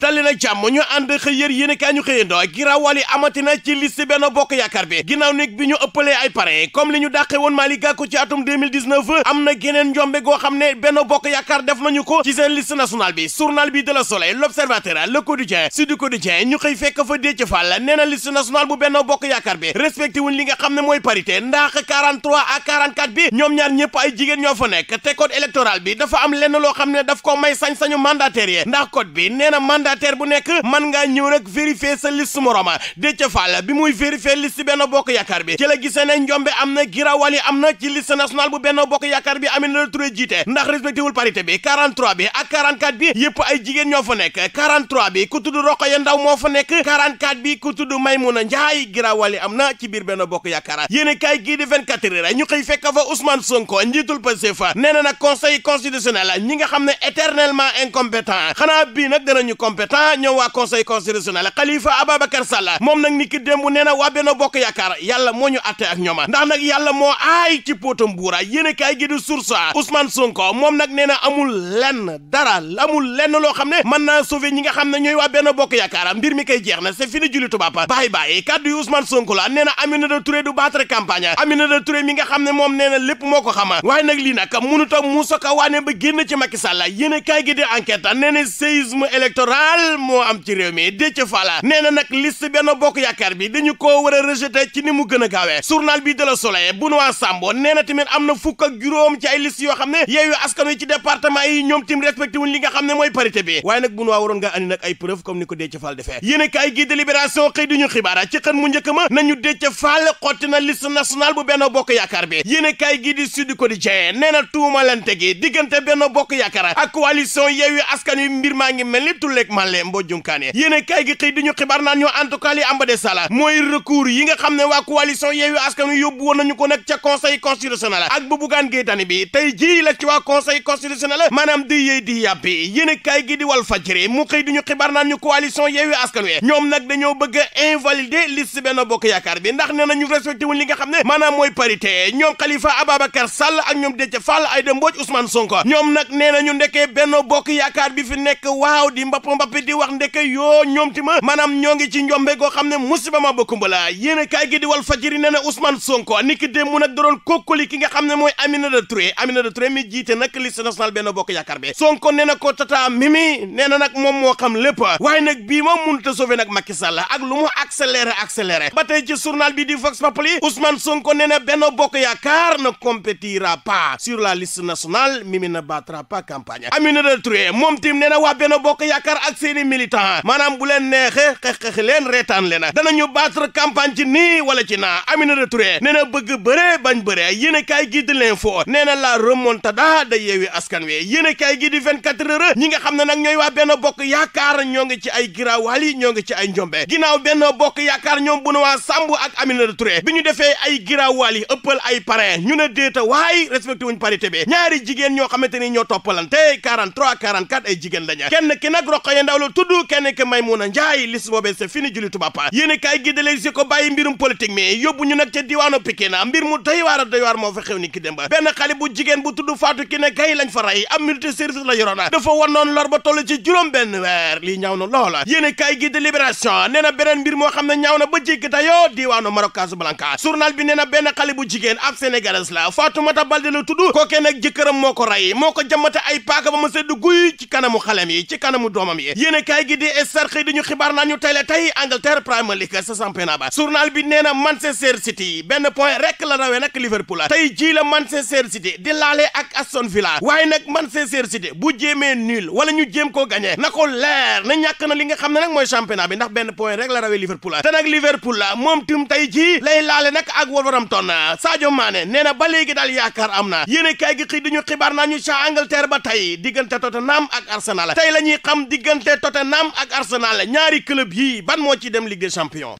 tali na jàmm ñu ànd xëy yër yéen kaay ñu xëyandoo giraawal yi amatina ci liste benn bokk yaakaar bi ginnaaw néeg bi ñu ëppalee ay parrain comme li ñu dàqe woon Malick Gakou ci atum 2019 am na geneen njombe goo xam ne benn bokk yaakaar def nañu ko ci seen liste nationale bi journal bi de la Soleil l'Observateur le Quotidien Sud Quotidien ñu xëy fekk fa Déthié Fall nee na liste nationale bu benn bokk yaakaar bi respecté wuñ li nga xam ne mooy parité ndax 43 à 44 bi ñoom ñaar ñëpp jigéen ñoo nekk te code électoral bi dafa am loo xam ne daf ko may sañ-sañu mandataire yi ndax code nee na mandataire bu nekk man ngaa ñëw nag vérifier sa liste moroma Déthié Fall bi muy vérifier liste Benno Bokk Yaakaar bi ci la gisee am na girawali am na ci liste nationale bu Benno Bokk Yaakaar bi Aminata Touré jiite ndax respecté wul parité bi 43 bi ak 44 bi yëpp ay jigéen ñoo fa nekk 43 bi ku tudd Rokhaya Ndaw moo fa nekk 44 bi ku tudd Maymuna Njaay girawali am na ci biir Bokk Yaakaar yéen kay gii di 24 compétent ñoom waa conseil constitutionnel Khalifa Ababacar Sall moom nag ni ki démb nee na waa Benno Bokk Yaakaar yàlla moo ñu atte ñooma ndax nag yàlla moo aay ci póotam buura yéen a kaay gi di source Ousmane Sonko moom nag nee na amul lenn dara amul lenn loo xam ne mën naa sauver ñi nga xam ne ñooy waa Benno Bokk Yaakaar mbir mi kay jeex na c'est fini julli tubaab bàyyi bàyyi kàddu yi Ousmane du battre campagne Aminata xam ne moom nee na lépp moo ko xama waaye nag lii nag mënut a muusa ka daal moo am ci réew mi Déthié Fall nee nag liste benn bokk yaakaar bi dañu koo war a ci ni mu gën a gaawee journal bi de la Soleil Benoît Sambon nee na tamit am na fukk ak juróom ci ay liste yoo xam ne yeewu askan wi ci département yi ñoom tim respecté li nga xam ne mooy parité bi waaye nag Benoît waroon nga andi nag ay preuve comme ni ko Déthié Fall defee yéen kaay gi délibération xëy duñu xibaara ci xën mu njëkk ma nañu Déthié Fall xotti na benn bokk yaakaar bi yéen kaay gi di Sud Quotidien gi diggante benn bokk yaakaar Malle Mbodjum Kane yéen kay gi xëy di ñu xibaar naan ñoo en tout cas li amba de sala mooy recours yi nga xam ne waa coalition Yewwi Askan Wi yóbbu woon ko nag ca conseil constitutionnel ak bu Bougane Gueye Dany bi tey jii la ci waa conseil constitutionnel maanaam di yëy di yàbbi yéen kay gi di Wal Fadjri mu xëy di ñu xibaar naan ñu coalition Yewwi Askan Wi ñoom nag dañoo bëgg a invalider liste Benno Bokk Yaakaar bi ndax nee nañu respecté li nga xam ne maanaam mooy parité ñoom Khalifa Ababacar Sall ak ñoom Déthié Fall Aïda Mbodj Ousmane Sonko bi fi nekk waaw di noppi di wax ndeke yoo ñoom ti ma maanaam ñoo ngi ci njombe goo xam ne musiba ma bokkumba la yéen a kaay gi di wal fajiri nee na Sonko niki démb mu nag da doon ki nga xam ne mooy Aminata Touré Aminata Touré mi jiite nag liste nationale benn bokk yaakaar bi Sonko nee ko tata mimi nee na nag moo xam lépp waaye nag bii moom mënut a sauver nag Macky Sall ak lu mu accéléré accéléré ba tey ci journal bi di Vox Populi Ousmane Sonko nee na bokk yaakaar na ak seen i maanaam bu leen neexe xex-xex leen reetaan leen danañu battre campagne ci nii wala ci naa Aminata Touré nee na bëgg bëree bañ bëree yéen a kaay gi di l'info nee na la remontada da yeewi askan wi yéen a kaay gi di 24 heures ñi nga xam ne nag ñooy waa benn bokk yaakaar ñoo ngi ci ay giraawaal yi ñoo ngi ci ay njombe ginnaaw benn bokk yaakaar ñoom bu nu waa Samb ak Aminata Touré bi ñu defee ay giraawaal yi ëppal ay parrain ñu ne déeta waay respecté wuñ parité bi ñaari jigéen ñoo xamante ni ñoo toppalante 43 44 ay jigéen lañu kenn ki nag ndaw la tudd kenn ki Maymuna Njaay liste boobee c'est fini julli tubappa yéene kaay gi dalee ko bàyyi mbirum politique mi yóbbu ñu nag ca diwaano Pikine mbir mu doy waar a moo fa xew ni ki dem ba benn xale bu jigéen bu tudd Fatou Kiné Gaye lañ fa rey am multi service la yoroona dafa wannoon lor ba toll ci juróom benn weer lii ñaaw na loola yéene kaay gi de Libération nee na mbir moo xam ne ñaaw na ba jéggi dayoo diwaano Maroc Casablanca journal bi nee na benn xale bu jigéen ab sénégalaise la Fatoumata Baldé la tudd kookee nag jëkkëram moo ko rey moo ko jamate ay paaka ba ma sedd guy ci kanamu xalem yi ci kanamu doomam yi yéen a gi di star xëy dañu xibaar naa ñu tey la tey Angleterre Premier League sa championnat ba journal bi nee na Manchester City benn point rek la rawee nag Liverpool tey jii la Manchester City di laale ak Aston Villa waaye nag Manchester City bu jéemee nul wala ñu jéem koo gagné na ko leer na ñàkk na li nga xam ne nag mooy championnat bi ndax benn point rek la rawee Liverpool te nag Liverpool moom tim tey jii lay laale nag ak Wolverhampton Sadio Mané nee na ba léegi daal yaakaar am na yéen a kaay gi xëy dañu xibaar naa ñu ca Angleterre ba tey diggante Tottenham ak Arsenal tey la ñuy xam diggante diggante Tottenham ak Arsenal ñaari club yii ban moo ci dem liggéey des champions